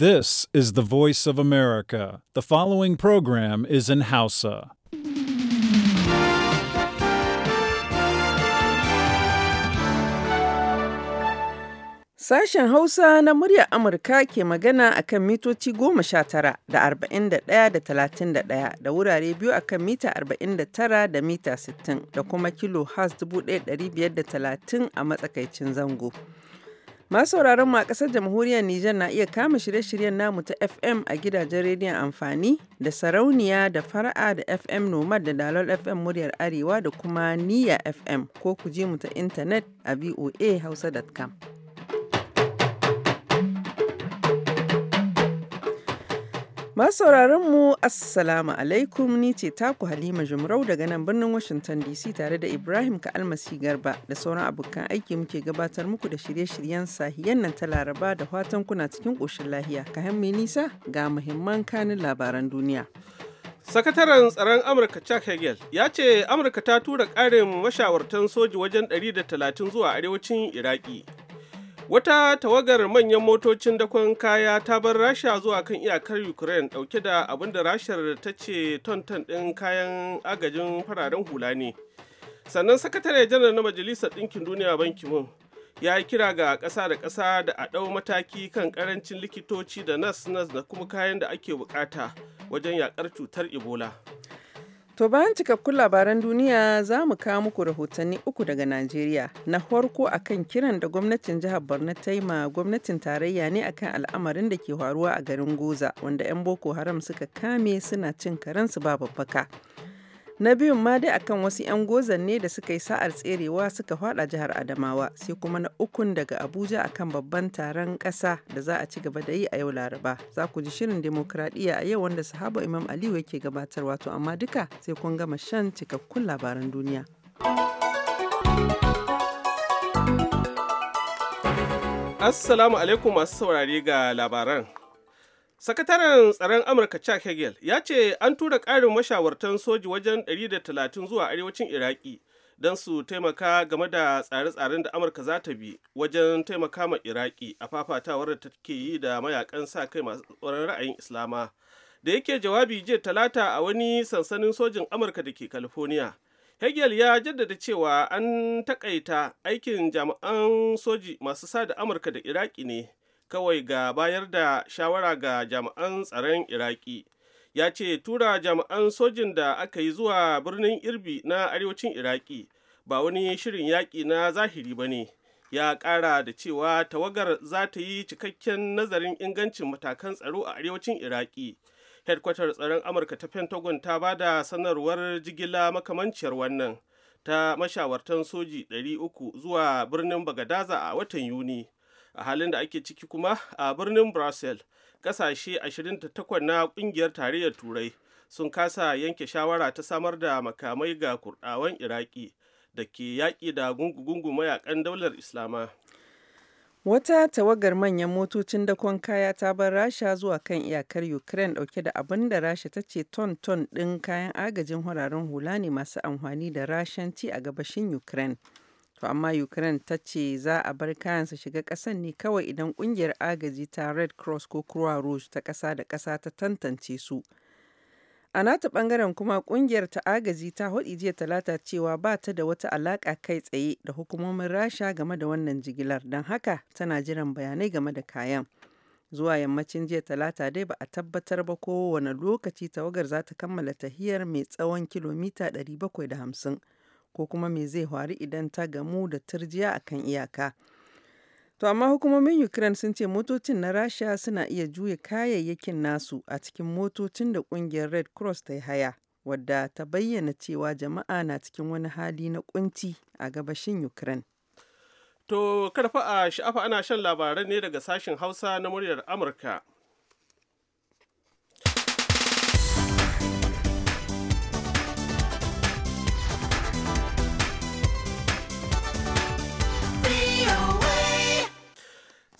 This is the voice of America. The following program is in Hausa. Sashen Hausa na muryar Amurka ke magana akan mitoci goma sha tara da arba'in da ɗaya da talatin da ɗaya da wurare biyu akan mita arba'in da tara da mita sittin da kuma kilo has dubu ɗaya ɗari biyar da talatin a matsakaicin zango. Masu sauraron mu a ƙasar jamhuriyar Nijar na iya kama shirye-shiryen namu ta FM a gidajen rediyon amfani da sarauniya da fara'a da FM Nomad da Dalol FM muryar Arewa da kuma niya FM ko ku ji mu ta intanet a hausa.com. Masu mu Assalamu alaikum ni ce taku Halima Jumrau daga nan birnin Washington DC tare da Ibrahim Ka'almasi Garba da sauran abokan aiki muke gabatar muku da shirye-shiryen sahiyan nan ta Laraba da fatan kuna cikin ƙoshin lahiya. Ka mai nisa ga muhimman kanin labaran duniya. Sakataren tsaron Amurka Chuck Hagel ya ce Amurka ta tura ƙarin mashawartan soji wajen 130 zuwa arewacin Iraki. Wata tawagar manyan motocin dakon kaya ta bar Rasha zuwa kan iyakar Ukraine dauke da abin da Rashar ta ce tonton ɗin kayan agajin fararen hula ne. Sannan sakatare janar na Majalisar Ɗinkin Duniya Banki Mun ya yi kira ga ƙasa da ƙasa da a ɗau mataki kan ƙarancin likitoci da nas nas da kuma kayan da ake bukata wajen yaƙar cutar Ebola. To bayan cikakkun labaran duniya za mu kawo muku rahotanni uku daga Najeriya. Na farko akan kiran da gwamnatin jihar Borno ta yi ma gwamnatin tarayya ne akan al'amarin da ke faruwa a garin Goza wanda 'yan Boko Haram suka kame suna cin karensu ba babbaka. na biyun ma dai akan wasu 'yan gozan ne da suka yi sa'ar tserewa suka fada jihar adamawa sai kuma na ukun daga abuja akan babban taron kasa da za a ci gaba da yi a yau laraba za ku ji shirin demokradiyya a yau wanda sahaba imam aliyu yake gabatarwa to amma duka sai kun gama shan cikakkun labaran duniya assalamu alaikum masu saurare ga labaran Sakataren tsaron Amurka Chuck Hagel ya ce an tura ƙarin mashawartan soji wajen 130 zuwa arewacin Iraki don su taimaka game da tsare-tsaren da Amurka za ta bi wajen taimaka ma Iraki a fafatawar da take yi da mayakan sa kai masu tsoron ra'ayin Islama. Da yake jawabi jiya talata a wani sansanin sojin Amurka da ke California. Hegel ya jaddada cewa an takaita aikin jami'an soji masu sada Amurka da Iraki ne. kawai ga bayar da shawara ga jami'an tsaron iraki ya ce tura jami'an sojin da aka yi zuwa birnin irbi na arewacin iraki ba wani shirin yaƙi na zahiri ba ne ya ƙara da cewa tawagar za ta yi cikakken nazarin ingancin matakan tsaro a arewacin iraki hedkwatar tsaron amurka ta pentagon ta ba da sanarwar jigila makamanciyar wannan ta mashawartan soji 300 zuwa birnin bagadaza a watan yuni a halin da ake ciki kuma a birnin brussels kasashe 28 na kungiyar tarayyar turai sun kasa yanke shawara ta samar da makamai ga kurdawan iraki da ke yaƙi da gungu-gungu mayakan daular islama Wata tawagar manyan motocin dakon kaya ta bar Rasha zuwa kan iyakar Ukraine dauke da abin da Rasha ta ce ton-ton din kayan agajin huraren hula ne masu amfani da rashanci a gabashin Ukraine. To amma Ukraine ta ce za a bar kayansa shiga kasan ne kawai idan ƙungiyar agaji ta Red Cross ko Croix Rouge ta ƙasa da ƙasa ta tantance su. A nata ɓangaren kuma ƙungiyar ta agaji ta haɗi jiya talata cewa ba ta da wata alaƙa kai tsaye da hukumomin Rasha game da wannan jigilar don haka tana jiran bayanai game da kayan. Zuwa yammacin jiya talata dai ba a tabbatar ba ko kowane lokaci tawagar za ta kammala tahiyar mai tsawon kilomita 750 ko kuma me zai faru idan ta gamu da turjiya kan iyaka. To amma hukumomin Ukraine sun ce motocin na Rasha suna iya juya kayayyakin nasu a cikin motocin da kungiyar Red Cross ta yi haya, wadda ta bayyana cewa jama'a na cikin wani hali na kunci a gabashin Ukraine. To kada fa a sha'afa ana shan labaran ne daga sashin Hausa na muryar Amurka.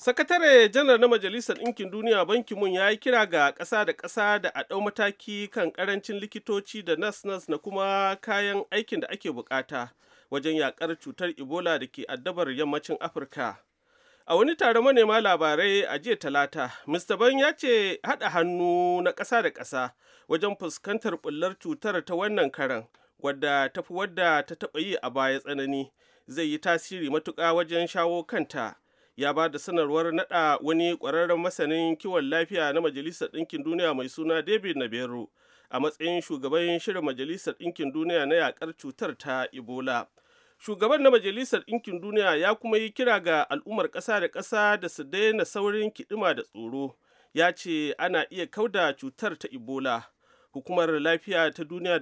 sakatare janar na majalisar ɗinkin duniya banki mun ya yi kira ga ƙasa da ƙasa da a ɗau mataki kan ƙarancin likitoci da nas nas na kuma kayan aikin da ake buƙata wajen yaƙar cutar ebola da ke addabar yammacin afirka a wani taron manema labarai a jiya talata mr ban ya ce haɗa hannu na ƙasa da ƙasa wajen fuskantar ɓullar cutar ta wannan karan wadda tafi wadda ta taɓa yi a baya tsanani zai yi tasiri matuƙa wajen shawo kanta ya ba da sanarwar naɗa wani ƙwararren masanin kiwon lafiya na majalisar ɗinkin duniya mai suna david nabero a matsayin shugaban shirin majalisar ɗinkin duniya na yakar cutar ta ebola shugaban na majalisar ɗinkin duniya ya kuma yi kira ga al'ummar ƙasa da ƙasa da su daina saurin kiɗima da tsoro ya ce ana iya kauda cutar ta ebola hukumar lafiya ta duniya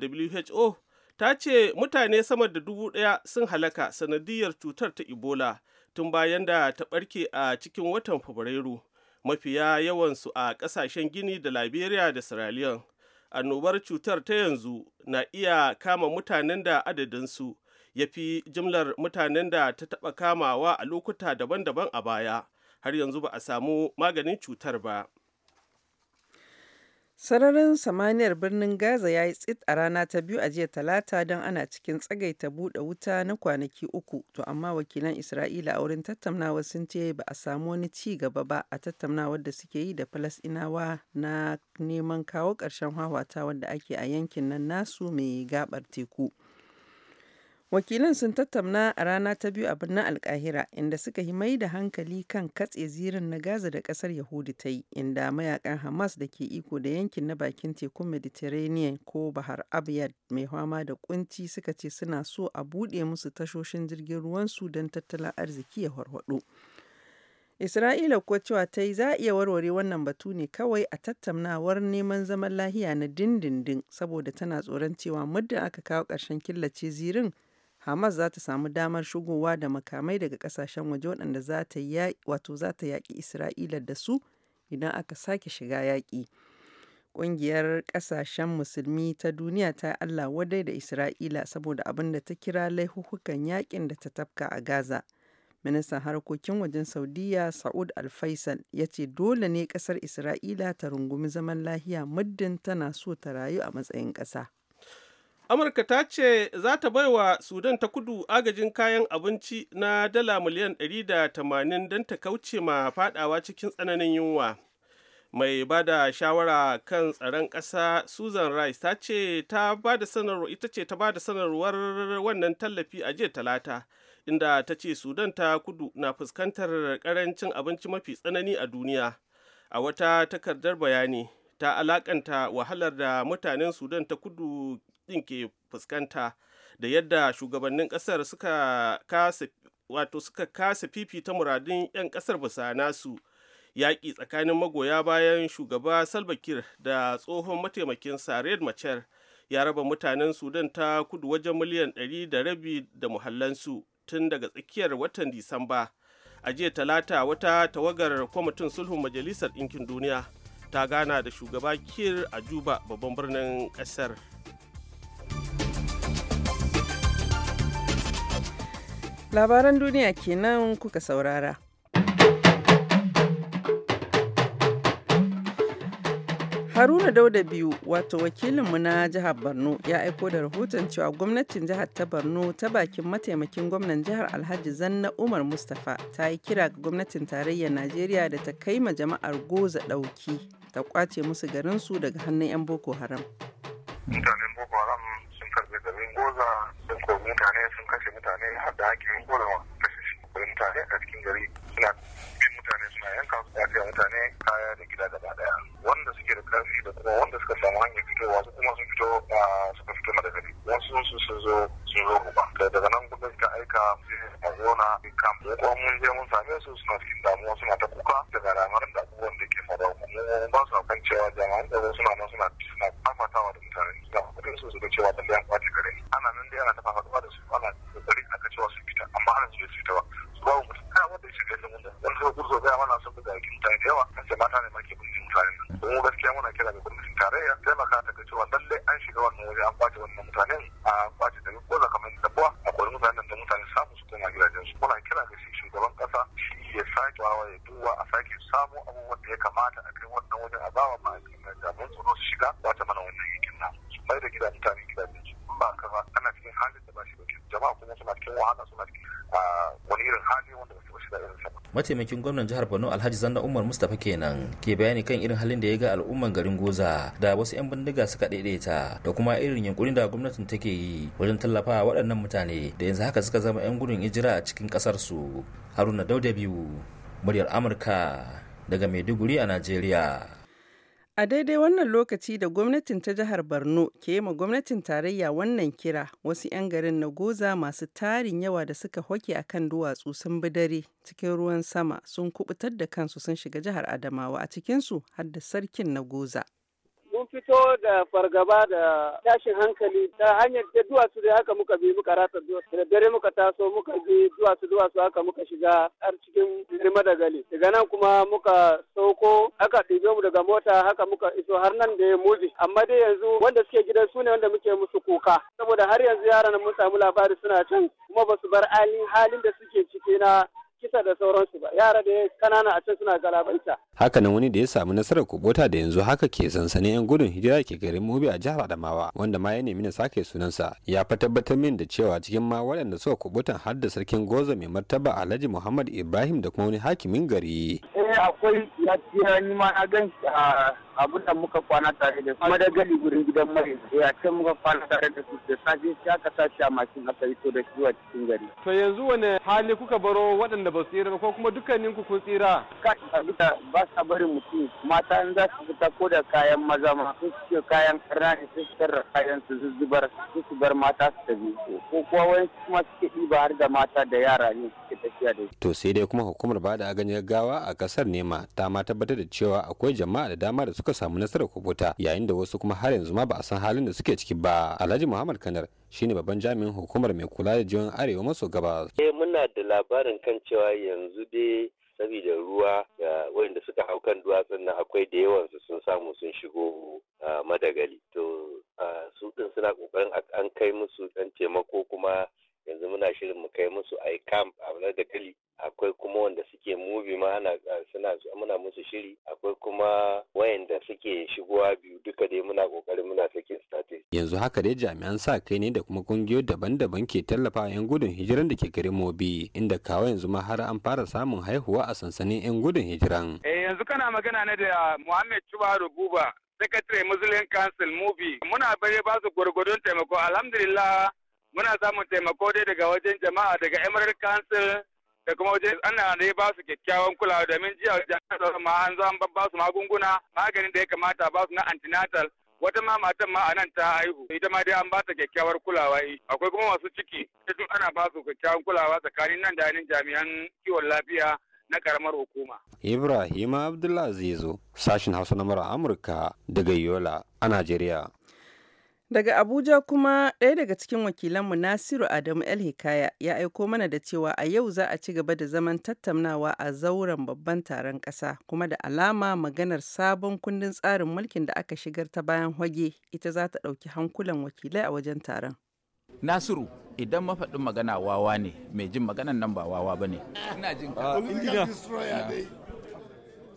who ta ce mutane sama da dubu ɗaya sun halaka sanadiyar cutar ta ebola tun bayan da ta ɓarke a cikin watan fabrairu mafiya yawansu a ƙasashen gini da liberia da sierra leone annobar cutar ta yanzu na iya kama mutanen da adadinsu ya fi jimlar mutanen da ta taɓa kamawa a lokuta daban-daban a baya har yanzu ba a samu maganin cutar ba Sararin samaniyar birnin Gaza ya yi tsit a rana ta biyu a jiya Talata don ana cikin tsagaita buɗe wuta na kwanaki uku, to amma wakilan Isra'ila a wurin tattaunawa sun ce ba a samu wani ci gaba ba a tattaunawar da suke yi da falasinawa na neman kawo ƙarshen hawata da ake a yankin nan nasu mai gabar teku. Wakilan sun tattauna a rana ta biyu a birnin Alkahira inda suka yi mai da hankali kan katse zirin na Gaza da kasar yahudi ta yi, inda mayakan Hamas da ke iko da yankin na bakin tekun Mediterranean ko Bahar Abyad mai fama da kunci suka ce suna so a buɗe musu tashoshin jirgin ruwan su don tattalin arziki ya warwaɗo. Isra'ila ko cewa ta yi za a iya warware wannan batu ne kawai a tattaunawar neman zaman lahiya na dindindin saboda tana tsoron cewa muddin aka kawo ƙarshen killace zirin Hamas za ta samu damar shigowa da makamai daga kasashen waje waɗanda za ta yaƙi Isra'ila da su idan aka sake shiga yaƙi. Ƙungiyar ƙasashen Musulmi ta duniya ta yi Allah wadai da Isra'ila saboda abin da ta kira laihuhukan yaƙin da ta tafka a Gaza. Ministan harkokin wajen Saudiya Sa'ud Al-Faisal ya ce dole ne ƙasar Isra'ila ta rungumi zaman lahiya muddin tana so ta rayu a matsayin ƙasa. amurka ta ce za ta bai wa sudan ta kudu agajin kayan abinci na dala miliyan 180 don ta kauce ma fadawa cikin tsananin yunwa mai ba da shawara kan tsaron ƙasa susan rice ta ce ita ce ta ba da sanarwar wannan tallafi a jiya talata inda ta ce sudan ta kudu na fuskantar karancin abinci mafi tsanani a duniya a wata takardar bayani ta alakanta wahalar da mutanen sudan ta kudu ɗin ke fuskanta da yadda shugabannin kasar suka kasa wato suka kasa fifita muradun 'yan kasar bisa nasu yaƙi tsakanin magoya bayan shugaba salva kiir da tsohon mataimakin sared machar ya raba mutanen sudan ta kudu wajen miliyan ɗari da rabi da muhallansu tun daga tsakiyar watan disamba a jiya talata wata tawagar kwamitin sulhun majalisar ɗinkin duniya ta gana da shugaba kir a juba babban birnin ƙasar Labaran duniya kenan kuka saurara. Haruna Dauda biyu wato wakilinmu na jihar Borno ya aiko da rahoton cewa gwamnatin jihar ta Borno ta bakin mataimakin gwamnan jihar Alhaji Zanna Umar Mustapha ta yi kira ga gwamnatin tarayyar Najeriya da ta kai ma jama'ar Goza ɗauki ta kwace musu garinsu daga hannun 'yan Boko Boko Haram goza da ko mutane sun kashe mutane har da ake yin goza kashe mutane a cikin gari suna mutane suna yanka su da kai mutane kaya da gida ba daya wanda suke da karfi da kuma wanda suka samu hanyar fitowa su kuma sun fito suka fito na daga wasu sun sun zo sun zo kuma daga nan kuma ka aika a zona kam ko kuma mun je mun same su suna cikin damuwa suna ta kuka daga ramarin da abubuwan da ke faruwa kuma ba su kan cewa jama'an tsaro suna nan suna suna fafatawa da mutane suna kuma su suka cewa lallai an kwace gare ana nan dai ana ta fafatawa da su ana mataimakin gwamnan jihar borno alhaji zanna umar mustapha kenan ke bayani kan irin halin da ya ga al'umman garin goza da wasu 'yan bindiga suka daidaita da kuma irin yankurin da gwamnatin take yi wajen tallafa waɗannan mutane da yanzu haka suka zama 'yan gudun hijira a cikin ƙasar su haruna dauda biyu muryar amurka daga maiduguri a najeriya A daidai wannan lokaci da gwamnatin ta jihar Borno ke yi ma gwamnatin tarayya wannan kira, wasu 'yan garin na Goza masu tarin yawa da suka hoke a kan duwatsu sun bi dare cikin ruwan sama sun kubutar da kansu sun shiga jihar Adamawa a cikinsu har da sarkin na Goza. mun fito da fargaba da tashin hankali ta hanyar da duwatsu da haka muka bi muka duwatsu, da dare muka taso muka bi duwatsu duwatsu aka muka shiga har cikin birma da gali daga nan kuma muka sauko aka ɗibe mu daga mota haka muka iso har nan da ya muzi amma dai yanzu wanda suke gidan su ne wanda muke musu kuka saboda har yanzu yaran mun samu labari suna can kuma ba su bar halin da suke ciki na kisa da sauransu ba yara da kanana a can suna galabaita hakanan wani da ya samu nasarar kubota da yanzu haka ke sansanin yan gudun hijira ke garin Mubi a jihar Adamawa wanda ma ya nemi na sake sunansa ya fa tabbatar min da cewa cikin ma waɗanda suka kubutan har da sarkin Goza mai martaba Alhaji Muhammad Ibrahim da kuma wani hakimin gari eh akwai ya ma a gan abin da muka kwana tare da su gani gurin gidan mai ya eh, ce muka kwana tare da su da safe sai aka tashi a mashin aka ito da shi a cikin gari. to yanzu wani hali kuka baro waɗanda ba su tsira ko kuma dukkanin ku kun tsira. ka abita ba sa barin mutum mata in za su fita ko da kayan maza ma sun ce kayan karna ne fitar da kayan su zubar su su bar mata su tafi ko kuwa wani kuma suke ɗiba har da mata da yara ne suke tafiya da to sai dai kuma hukumar ba da agajin gaggawa a kasar nema ta ma tabbatar da cewa akwai jama'a da dama da suka suka samu nasarar kubuta yayin da wasu kuma har yanzu ma ba a san halin da suke ciki ba alhaji muhammad kanar shine babban jami'in hukumar mai kula da jiwon arewa maso gabas eh muna da labarin kan cewa yanzu dai saboda ruwa da wanda suka hau kan duwatsun nan akwai da yawansu sun samu sun shigo madagali to su din suna kokarin an kai musu dan taimako kuma yanzu muna shirin mu kai musu a camp a da kali akwai kuma wanda suke mubi ma ana suna muna musu shiri akwai kuma wayanda suke shigowa biyu duka dai muna kokarin muna sakin status yanzu haka dai jami'an sa kai ne da kuma kungiyoyi daban-daban ke tallafa yan gudun hijiran da ke garin Mobi inda kawo yanzu ma har an fara samun haihuwa a sansanin yan gudun hijiran eh yanzu kana magana ne da Muhammad Chuba Rububa Secretary Muslim Council Mobi muna bare ba su gwargwadon taimako alhamdulillah muna samun taimako dai daga wajen jama'a daga emirate council da kuma wajen ana da ba su kyakkyawan kulawa domin jiya jami'an tsaron ma an zo an ba su magunguna maganin da ya kamata ba su na antinatal wata ma matan ma a nan ta haihu ita ma dai an ba ta kyakkyawar kulawa akwai kuma masu ciki duk ana ba su kyakkyawan kulawa tsakanin nan da yanin jami'an kiwon lafiya na karamar hukuma. Ibrahim Abdullah Zizo, sashin Hausa na Amurka daga Yola a Najeriya. Daga Abuja kuma ɗaya daga cikin wakilanmu Nasiru Adamu El Hikaya ya aiko mana da cewa a yau za a ci gaba da zaman tattaunawa a zauren babban taron ƙasa kuma da alama maganar sabon kundin tsarin mulkin da aka shigar ta bayan hwage ita za ta ɗauki hankulan wakilai a wajen taron. Nasiru idan mafaɗin magana wawa ne mai jin maganan nan ba wawa ba ne.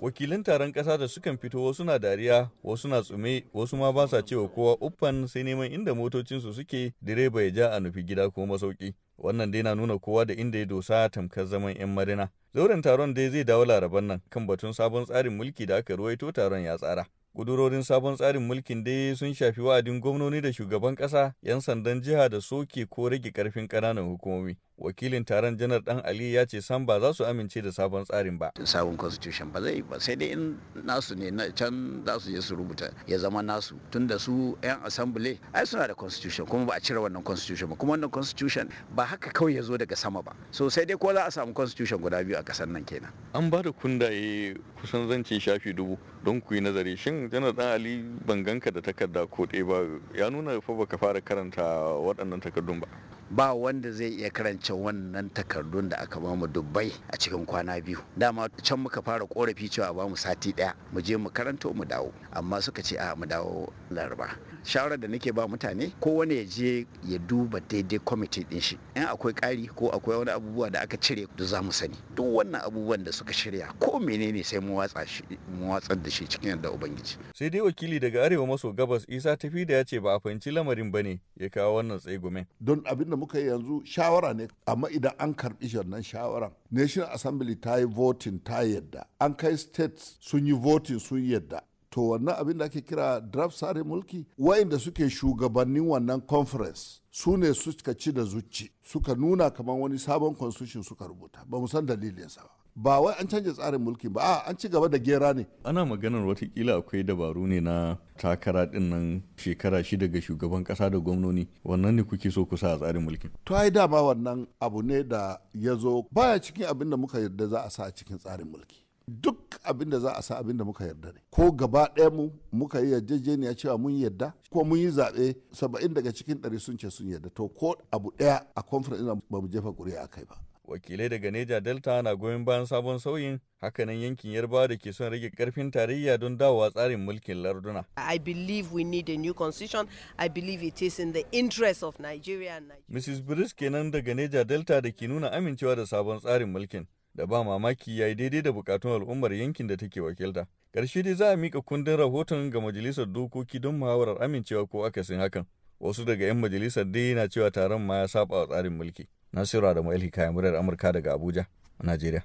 Wakilin taron ƙasa da sukan fito wasu na dariya, wasu na tsume, wasu ma ba sa cewa kowa uffan sai neman inda motocinsu suke direba ya ja a nufi gida ko masauki. Wannan dai na nuna kowa da inda ya dosa tamkar zaman 'yan marina. Zauren taron dai zai dawo laraban nan kan batun sabon tsarin mulki da aka ruwaito taron ya tsara. Kudurorin sabon tsarin mulkin dai sun shafi wa'adin gwamnoni da shugaban ƙasa, 'yan sandan jiha da soke ko rage karfin ƙananan hukumomi. wakilin taron janar dan ali ya ce san ba za su amince da sabon tsarin ba sabon constitution ba zai ba sai dai in nasu ne na can za su je su rubuta ya zama nasu tun da su yan assembly ai suna da constitution kuma ba a cire wannan constitution ba kuma wannan constitution ba haka kawai ya zo daga sama ba so sai dai ko za a samu constitution guda biyu a kasar nan kenan an ba da kundaye kusan zance shafi dubu don ku yi nazari shin janar dan ali ban ganka da takarda ko ɗaya ba ya nuna fa baka fara karanta waɗannan takardun ba ba wanda zai iya karance wannan takardun da aka bamu dubbai a cikin kwana biyu dama can muka fara korafi cewa ba mu sati daya mu je mu karanto mu dawo amma suka ce a mu dawo laraba shawarar da nake ba mutane ko wani ya je ya duba daidai kwamiti din shi in akwai ƙari ko akwai wani abubuwa da aka cire da za mu sani duk wannan abubuwan da suka shirya ko menene sai mu watsa shi mu watsar da shi cikin yadda ubangiji sai dai wakili daga arewa maso gabas isa tafi da ya ce ba a fahimci lamarin ba ne ya kawo wannan tsegume don abin da muka yi yanzu shawara ne amma idan an karbi wannan shawaran national assembly ta yi voting ta yadda an kai states sun yi votin sun yadda to wannan abin da ake kira draft tsarin mulki wa'inda suke shugabannin wannan conference su ne suka ci da zuci suka nuna kamar wani sabon constitution suka rubuta ba mu san dalilinsa ba ba wai an canja tsarin mulki ba a an ci gaba da gera ne ana maganar wata kila akwai dabaru ne na takara din nan shekara shi daga shugaban kasa da gwamnoni wannan ne kuke so ku sa a tsarin mulki to ai dama wannan abu ne da ya zo baya cikin abin da muka yarda za a sa a cikin tsarin mulki duk abin da za a sa abin da muka yarda ne ko gaba ɗaya mu muka yi yarjejeniya cewa mun yarda ko mun yi zaɓe saba'in daga cikin ɗari sun ce sun yarda to ko abu ɗaya a conference ba mu jefa ƙuri'a a kai ba wakilai daga neja delta na goyon bayan sabon sauyin hakanan yankin yarbawa da ke son rage karfin tarayya don dawowa tsarin mulkin larduna i believe we need a new constitution i believe it is in the interest of nigeria mrs bruce kenan daga neja delta da ke nuna amincewa da sabon tsarin mulkin da ba mamaki ya yi daidai da bukatun al'ummar yankin da take wakilta. karshe dai za a mika kundin rahoton ga majalisar dokoki don muhawarar amincewa ko akasin hakan. Wasu daga 'yan majalisar dai na cewa taron ma ya saba wa tsarin mulki. Nasiru Adamu Elhi kayan muryar Amurka daga Abuja, a Najeriya.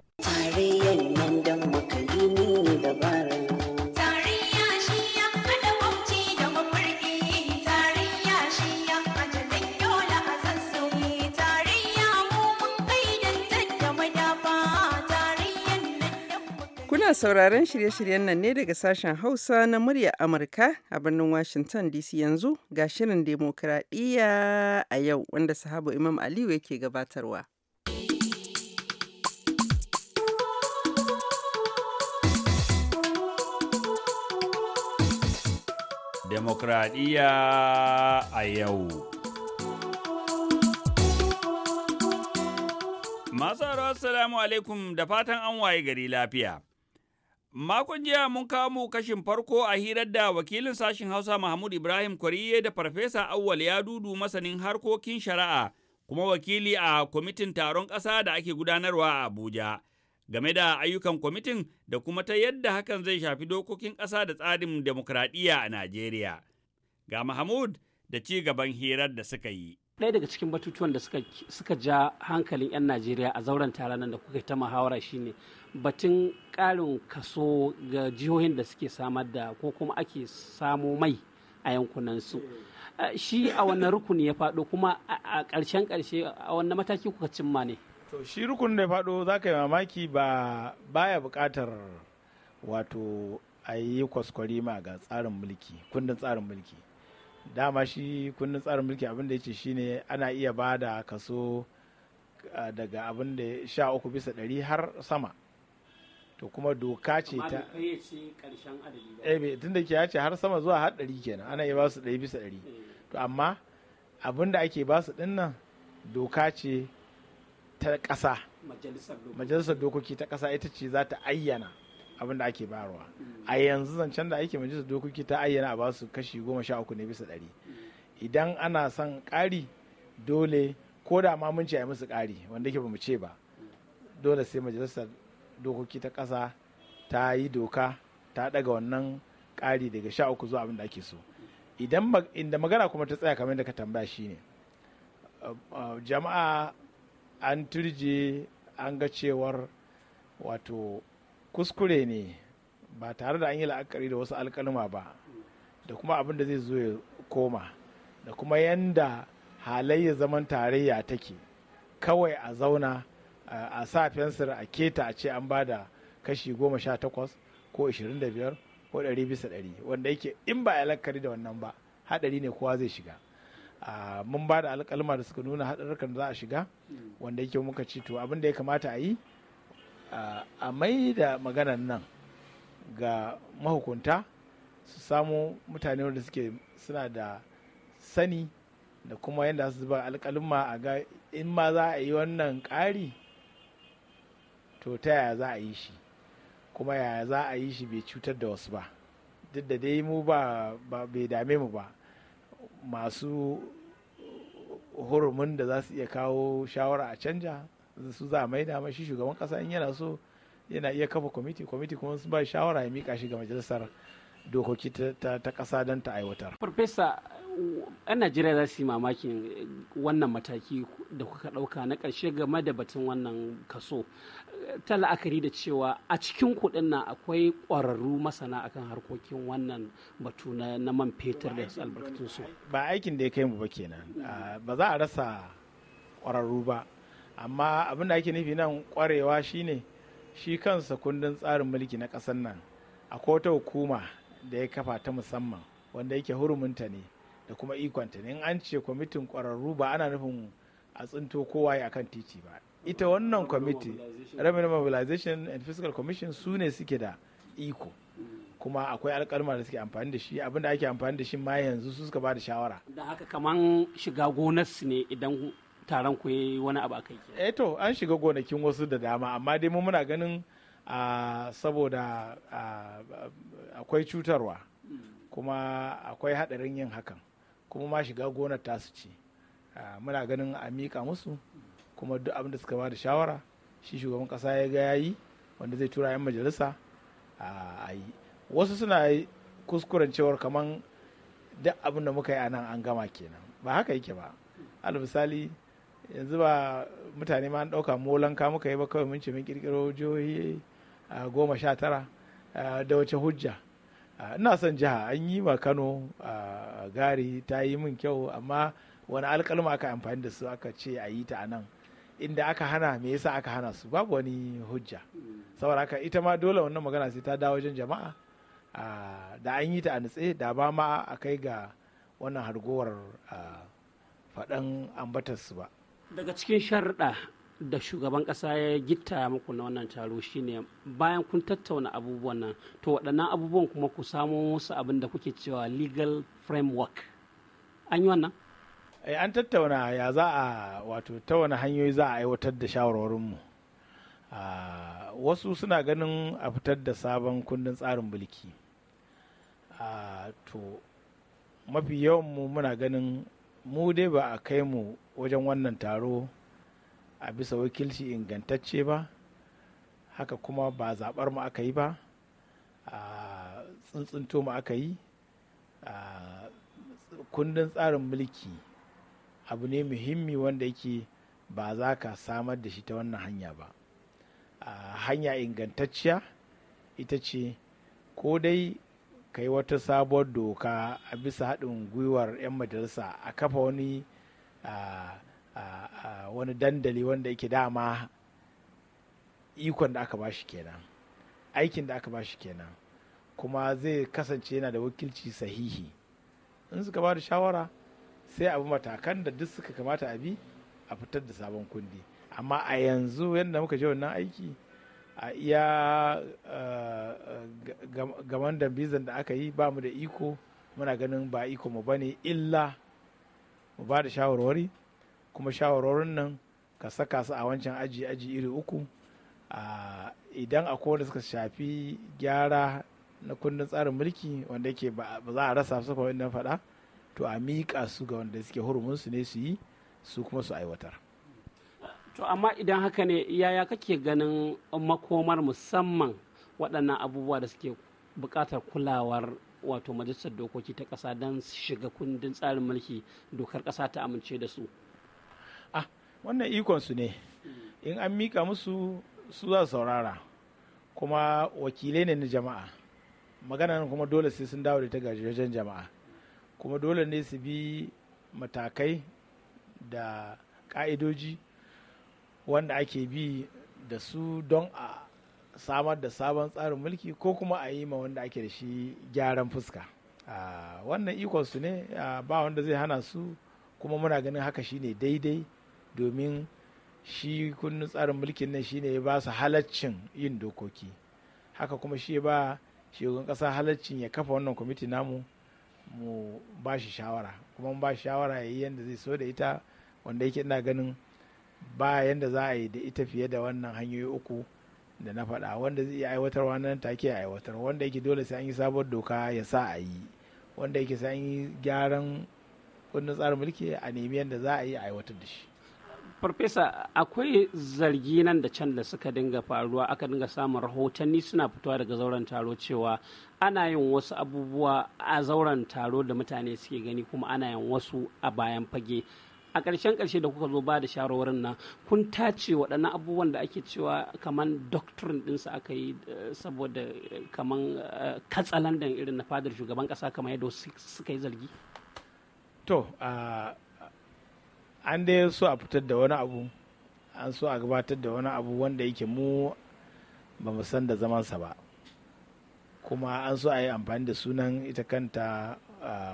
sauraron shirye-shiryen nan ne daga sashen Hausa na murya Amurka a birnin Washington DC yanzu ga shirin demokradiyya a yau wanda sahabu Imam Aliyu yake gabatarwa. Demokradiyya a yau. Masu salamu alaikum da fatan an waye gari lafiya. Makon jiya mun kawo kashin farko a hirar da wakilin sashen Hausa Mahmud Ibrahim Kwariye da Farfesa Awwal ya dudu masanin harkokin shari'a kuma wakili a kwamitin taron ƙasa da ake gudanarwa a Abuja. Game da ayyukan kwamitin da kuma ta yadda hakan zai shafi dokokin ƙasa da tsarin demokradiyya a Najeriya. Ga Mahmud da ci gaban hirar da suka yi. ɗaya daga cikin batutuwan da suka, ja hankalin 'yan najeriya a zauren taron nan da kuka ta muhawara shine batun karin kaso ga jihohin da suke samar da ko kuma ake samo mai a yankunansu shi a wannan rukuni ya faɗo kuma a ƙarshen ƙarshe a wannan mataki kuka cimma ne to shi rukunin da ya fado za ka yi mamaki ba baya buƙatar wato a yi ma ga tsarin mulki kundin tsarin mulki dama shi kundin tsarin mulki abin da ya ce shine ana iya ba da kaso daga abin da sha uku bisa ɗari har sama to kuma doka ce ta ebe eh, tun da ke ya ce har sama zuwa har ɗari kenan ana iya ba su ɗari bisa ɗari eh. to amma abin da ake ba su ɗin doka ce ta ƙasa majalisar dokoki ta ƙasa ita ce za ta ayyana abin da ake bayarwa hmm. a yanzu zancen da ake majalisar dokoki ta ayyana a ba su kashi goma sha uku ne bisa ɗari hmm. idan ana son ƙari dole ko da ma mun ce a musu ƙari wanda ke ba mu ce ba hmm. dole sai majalisar dokoki ta ƙasa ta yi doka ta ɗaga wannan ƙari daga sha uku zuwa abin da ake so idan inda magana kuma ta tsaya kamar da ka tambaya ne uh, uh, jama'a an turje an ga cewar wato kuskure ne ba tare da an yi la'akari da wasu alkalma ba da kuma abin da zai zo ya koma da kuma yanda halayya zaman tarayya take kawai a zauna a sa fensir a keta a ce an ba da kashi goma sha takwas ko ashirin da biyar ko ɗari bisa ɗari wanda yake in ba a lakari da wannan ba haɗari ne kowa zai shiga mun ba da alƙalma da suka nuna haɗarurrukan za a shiga wanda yake muka ci to abin da ya kamata a yi a mai da maganan nan ga mahukunta su samu mutane wanda suke suna da sani da kuma yadda su zuba alƙalma a ga in ma za a yi wannan ƙari to ta yaya za a yi shi kuma yaya za a yi shi bai cutar da wasu ba duk da dai mu ba bai dame mu ba masu hurumin da za su iya kawo shawara a canja su za a maida mashi shugaban kasa in yana so yana iya kafa kwamiti kwamiti kuma sun ba shawara ya mika shi ga majalisar dokoki ta kasa don ta aiwatar. Farfesa 'yan najeriya za su yi mamakin wannan mataki da kuka ɗauka na ƙarshe game da batun wannan kaso ta la'akari da cewa a cikin kuɗin nan akwai ƙwararru masana akan harkokin wannan batu na man fetur da su albarkatun su ba aikin da ya kai mu ba kenan ba za a rasa ƙwararru ba amma abin da ake nufi nan ƙwarewa shine shi kansa kundin tsarin mulki na ƙasar nan akwai wata hukuma da ya kafa ta musamman wanda yake hurumunta ne da kuma ikonta in an ce kwamitin ƙwararru ba ana nufin a tsinto kowa ya akan titi ba ita wannan kwamiti revenue mobilization and fiscal commission su ne suke da iko kuma akwai alkalma da suke amfani da shi abinda ake amfani da shi ma yanzu su suka ba da shawara da haka kaman shiga gonar su ne idan taron ku yi wani abu akai eh to an shiga gonakin wasu da dama amma dai mu muna ganin saboda akwai cutarwa hmm. kuma akwai hadarin yin hakan kuma ma shiga gonar tasu ci muna ganin a mika musu kuma duk abin da suka ba da shawara shi shugaban kasa ya ga yayi wanda zai tura 'yan majalisa a yi wasu suna kuskuren cewar kaman duk abin da muka yi a an gama kenan ba haka yake ba al yanzu ba mutane ma an ɗauka molanka muka yi ba kawai mun ce mun kirkiro jihohi goma sha tara da wace hujja ina son jiha an yi ma kano gari ta yi min kyau amma wani alkalma aka amfani da su aka ce a yi ta a nan inda aka hana me yasa aka hana su babu wani hujja saboda haka ita ma dole wannan magana sai ta dawo wajen jama'a da an yi ta a nutse da ba ma a kai ga wannan hargowar faɗan ambatarsu ba daga cikin sharɗa da shugaban kasa ya gitta muku na wannan taro shine bayan kun tattauna abubuwan nan to waɗannan abubuwan kuma ku samo musu abin da kuke cewa legal framework an yi wannan eh, an tattauna ya za a wato ta wani hanyoyi za a aiwatar da shawarwarinmu ah, wasu suna ganin a fitar da sabon kundin tsarin mulki ah, to mafi yawanmu muna ganin mu dai ba a kai mu wajen wannan taro a bisa wakilci ingantacce ba haka kuma ba zaɓar mu aka yi ba a tsuntsunto mu aka yi a kundin tsarin mulki abu ne muhimmi wanda yake ba za ka samar da shi ta wannan hanya ba a hanya ingantacciya ita ce ko dai ka yi wata sabuwar doka a bisa haɗin gwiwar 'yan majalisa a kafa wani wani dandali wanda yake dama ikon da aka bashi kenan aikin da aka bashi kenan kuma zai kasance yana da wakilci sahihi in suka ba da shawara sai abu matakan da duk suka kamata a bi a fitar da sabon kundi amma a yanzu yadda muka je wannan aiki a iya gaman da bizan da aka yi ba mu da iko muna ganin ba iko mu bane illa mu ba da shawarwari kuma shawarorin nan ka saka su a wancan aji aji iri uku idan akwai wanda suka shafi gyara na kundin tsarin mulki wanda yake ba za a rasa su kamar na faɗa to a miƙa su ga wanda suke su ne su yi su kuma su aiwatar to amma idan haka ne yaya kake ganin makomar musamman waɗannan abubuwa da suke buƙatar kulawar wato majalisar dokoki ta ƙasa don shiga kundin tsarin mulki dokar ƙasa ta amince da su ah wannan ikonsu ne in an mika musu su za saurara kuma wakilai ne na jama'a maganan kuma dole sai sun dawo da ta gajejen jama'a kuma dole ne su bi matakai da ka'idoji wanda ake bi da su don a samar da sabon tsarin mulki ko kuma a yi ma wanda ake da shi gyaran fuska ah, wannan ikonsu ne ah, ba wanda zai hana su kuma muna ganin haka shi shine daidai domin shi kunnu tsarin mulkin nan shine ya ba su halaccin yin dokoki haka kuma shi ba shugaban kasa halaccin ya kafa wannan kwamiti namu mu ba shi shawara kuma ba shi shawara ya yi yadda zai so da ita wanda yake ina ganin ba yadda za a yi da ita fiye da wannan hanyoyi uku da na faɗa wanda zai iya aiwatarwa nan take ya aiwatar wanda yake dole sai an yi sabon doka ya sa a yi wanda yake sai an yi gyaran kundin tsarin mulki a nemi yadda za a yi aiwatar da shi farfesa akwai zargi nan da can da suka dinga faruwa aka dinga samun rahotanni suna fitowa daga zauren taro cewa ana yin wasu abubuwa a zauren taro da mutane suke gani kuma ana yin wasu a bayan fage a ƙarshen ƙarshe da kuka zo ba da shawarwarin nan kun tace waɗannan abubuwan da ake cewa kamar doctrine ɗinsu aka yi eh, saboda eh, kamar eh, katsalandan irin na fadar shugaban ƙasa kamar yadda suka yi zargi to ah, an dai so a fitar da wani abu an so a gabatar da wani abu wanda yake mu ba mu san da zamansa ba kuma an so a yi amfani da sunan ita kanta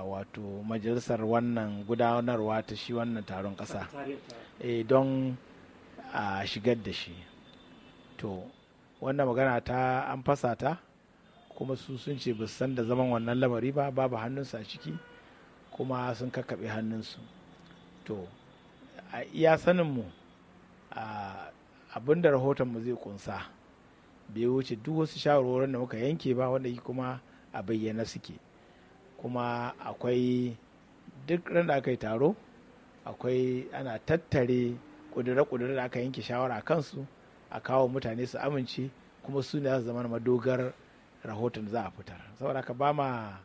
wato majalisar wannan gudanarwa ta shi wannan taron ƙasa eh, don a shigar da shi to wannan magana ta an fasa ta kuma su sun ce ba san da zaman wannan lamari ba babu hannunsu a ciki kuma sun kakkaɓe hannunsu to a iya saninmu abin da mu zai kunsa bai wuce duk wasu shawarwarin da muka yanke ba wanda kuma a bayyana suke kuma akwai duk ran da aka yi taro akwai ana tattare kudure-kudure da aka yanke shawara kansu a kawo mutane su amince kuma su ne za zama madogar rahoton za a fitar saboda ka ba ma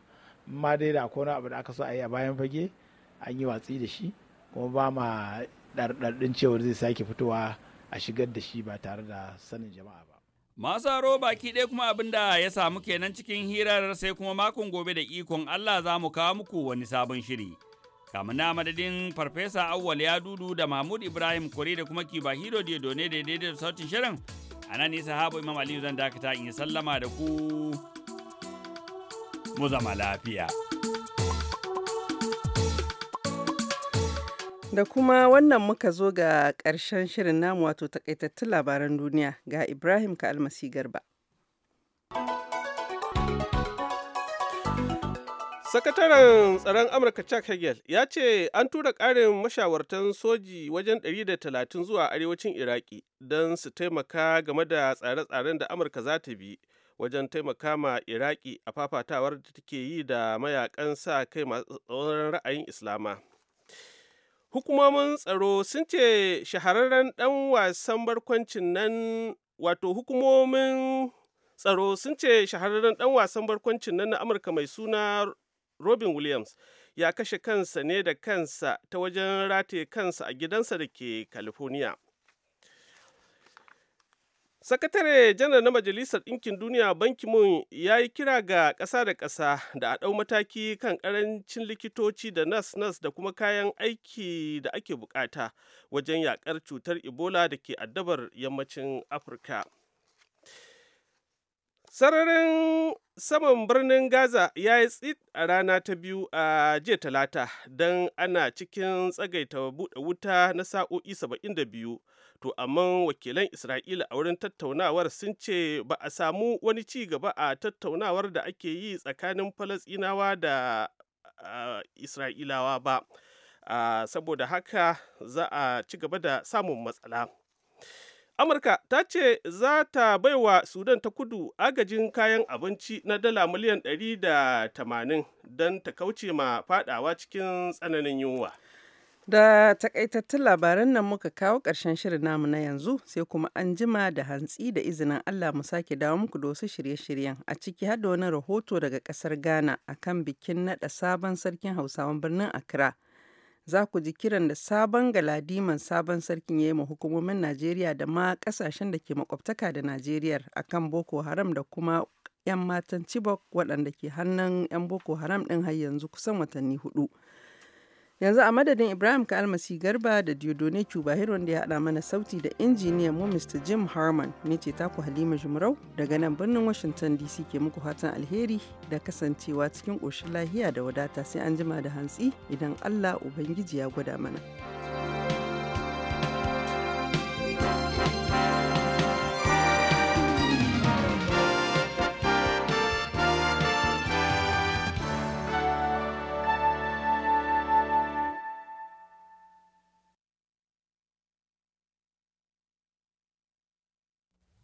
ma dai da akwai wani abu da aka so a yi a bayan fage an yi watsi da shi kuma ba ma ɗarɗarɗin cewar zai sake fitowa a shigar da shi ba tare da sanin jama'a ba. Masaro baki ɗaya kuma abin da ya samu kenan cikin hirar sai kuma makon gobe da ikon Allah za mu kawo muku wani sabon shiri. Kamun na madadin Farfesa Auwal ya dudu da Mahmud Ibrahim Kore da kuma Kiba Hiro Diodone da daidai da sautin shirin. A nan nisa habu Imam Aliyu zan dakata in sallama da ku mu zama lafiya. Da kuma wannan muka zo ga ƙarshen shirin namu wato takaitattun labaran duniya ga Ibrahim ka almasi garba. Sakataren tsaron Amurka Chuck Hagel ya ce an tura ƙarin mashawartan soji wajen 130 zuwa arewacin Iraki don su taimaka game da tsare-tsaren da Amurka za ta bi wajen taimaka ma Iraki a fafatawar da take yi da mayakan sa kai masu tsoron ra'ayin Islama. hukumomin tsaro sun ce shahararren ɗan wasan barkwancin nan wato hukumomin tsaro sun ce shahararren ɗan wasan barkwancin nan na amurka mai suna robin williams ya kashe kansa ne da kansa ta wajen rataye kansa a gidansa da ke california Sakatare janar na Majalisar Ɗinkin Duniya Banki Mun ya yi kira ga ƙasa da ƙasa da a ɗau mataki kan ƙarancin likitoci da nas-nas da kuma kayan aiki da ake buƙata wajen yaƙar cutar Ebola da ke addabar yammacin Afirka. Sararin saman birnin Gaza ya yi tsit a rana ta biyu a jiya talata don ana cikin tsagaita buɗe wuta na sa'o'i 72 to amma wakilan isra'ila a wurin tattaunawar sun ce ba a samu wani ci gaba a tattaunawar da ake yi tsakanin falasinawa da isra'ilawa ba saboda haka za a ci gaba da samun matsala amurka ta ce za ta baiwa sudan ta kudu agajin kayan abinci na dala miliyan 180 don ta kauce ma fadawa cikin tsananin yunwa Da takaitattun labaran nan muka kawo ƙarshen shirin namu na yanzu sai kuma an jima da hantsi da izinin Allah mu sake dawo muku da wasu shirye-shiryen a ciki hada wani rahoto daga ƙasar Ghana akan bikin naɗa sabon sarkin Hausawan birnin Accra. Za ku ji kiran da sabon galadiman sabon sarkin ya yi ma hukumomin Najeriya da ma ƙasashen da ke makwabtaka da Najeriya akan Boko Haram da kuma 'yan matan Chibok waɗanda ke hannun 'yan Boko Haram ɗin har yanzu kusan watanni hudu. Yanzu a madadin Ibrahim Kalmasi Garba da Diodone Cubahir wanda ya hada mana sauti da injiniyan mu Mr. Jim Harman ne ce taku Halima Jumrau daga nan birnin Washington DC ke muku fatan alheri da kasancewa cikin ƙoshin lahiya da wadata sai an jima da hantsi idan Allah Ubangiji ya gwada mana.